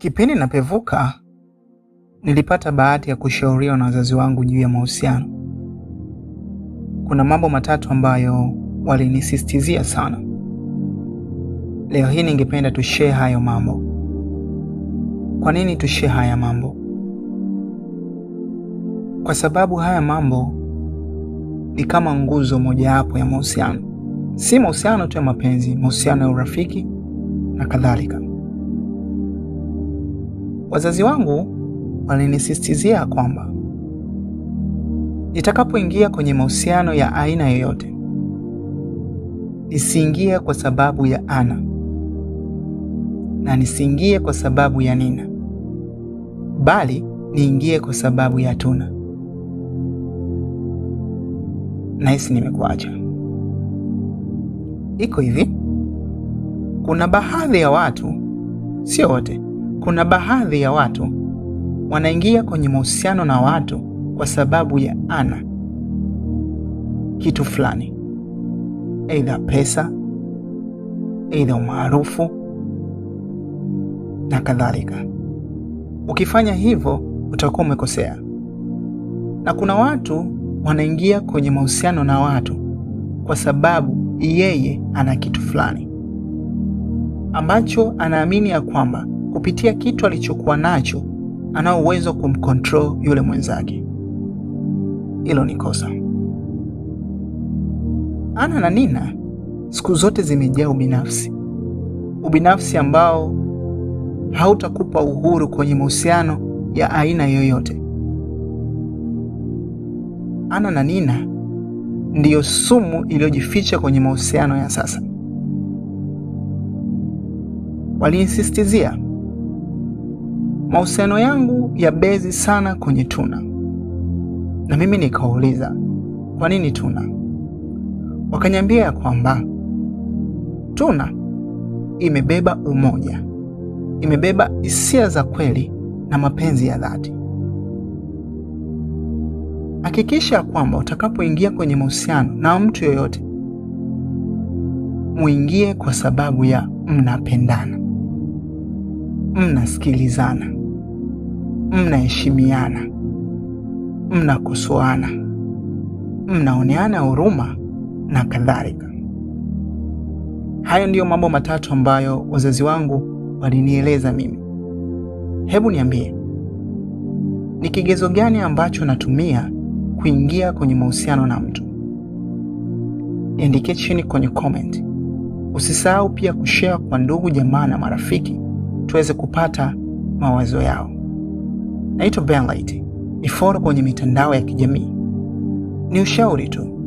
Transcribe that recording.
Kipindi napevuka, nilipata bahati ya kushauriwa na wazazi wangu juu ya mahusiano. Kuna mambo matatu ambayo walinisisitizia sana. Leo hii ningependa tushare hayo mambo. Kwa nini tushare haya mambo? Kwa sababu haya mambo ni kama nguzo mojawapo ya mahusiano, si mahusiano tu ya mapenzi, mahusiano ya urafiki na kadhalika. Wazazi wangu walinisisitizia kwamba nitakapoingia kwenye mahusiano ya aina yoyote nisiingie kwa sababu ya Ana na nisiingie kwa sababu ya Nina, bali niingie kwa sababu ya Tuna. Nahisi nimekuacha. Iko hivi, kuna baadhi ya watu, sio wote kuna baadhi ya watu wanaingia kwenye mahusiano na watu kwa sababu ya ana kitu fulani, aidha pesa, aidha umaarufu na kadhalika. Ukifanya hivyo utakuwa umekosea. Na kuna watu wanaingia kwenye mahusiano na watu kwa sababu yeye ana kitu fulani ambacho anaamini ya kwamba kupitia kitu alichokuwa nacho, anao uwezo kumcontrol yule mwenzake. Hilo ni kosa. Ana na Nina siku zote zimejaa ubinafsi, ubinafsi ambao hautakupa uhuru kwenye mahusiano ya aina yoyote. Ana na Nina ndiyo sumu iliyojificha kwenye mahusiano ya sasa. Waliinsistizia mahusiano yangu ya bezi sana kwenye tuna, na mimi nikauliza kwa nini tuna? wakanyambia ya kwamba tuna imebeba umoja, imebeba hisia za kweli na mapenzi ya dhati. Hakikisha ya kwamba utakapoingia kwenye mahusiano na mtu yoyote, muingie kwa sababu ya mnapendana, mnasikilizana mnaheshimiana, mnakosoana, mnaoneana huruma na kadhalika. Hayo ndiyo mambo matatu ambayo wazazi wangu walinieleza mimi. Hebu niambie, ni kigezo gani ambacho natumia kuingia kwenye mahusiano na mtu? Niandike chini kwenye comment. Usisahau pia kushare kwa ndugu, jamaa na marafiki tuweze kupata mawazo yao. Naitwa Benlight, ni follow kwenye mitandao ya kijamii. Ni ushauri tu.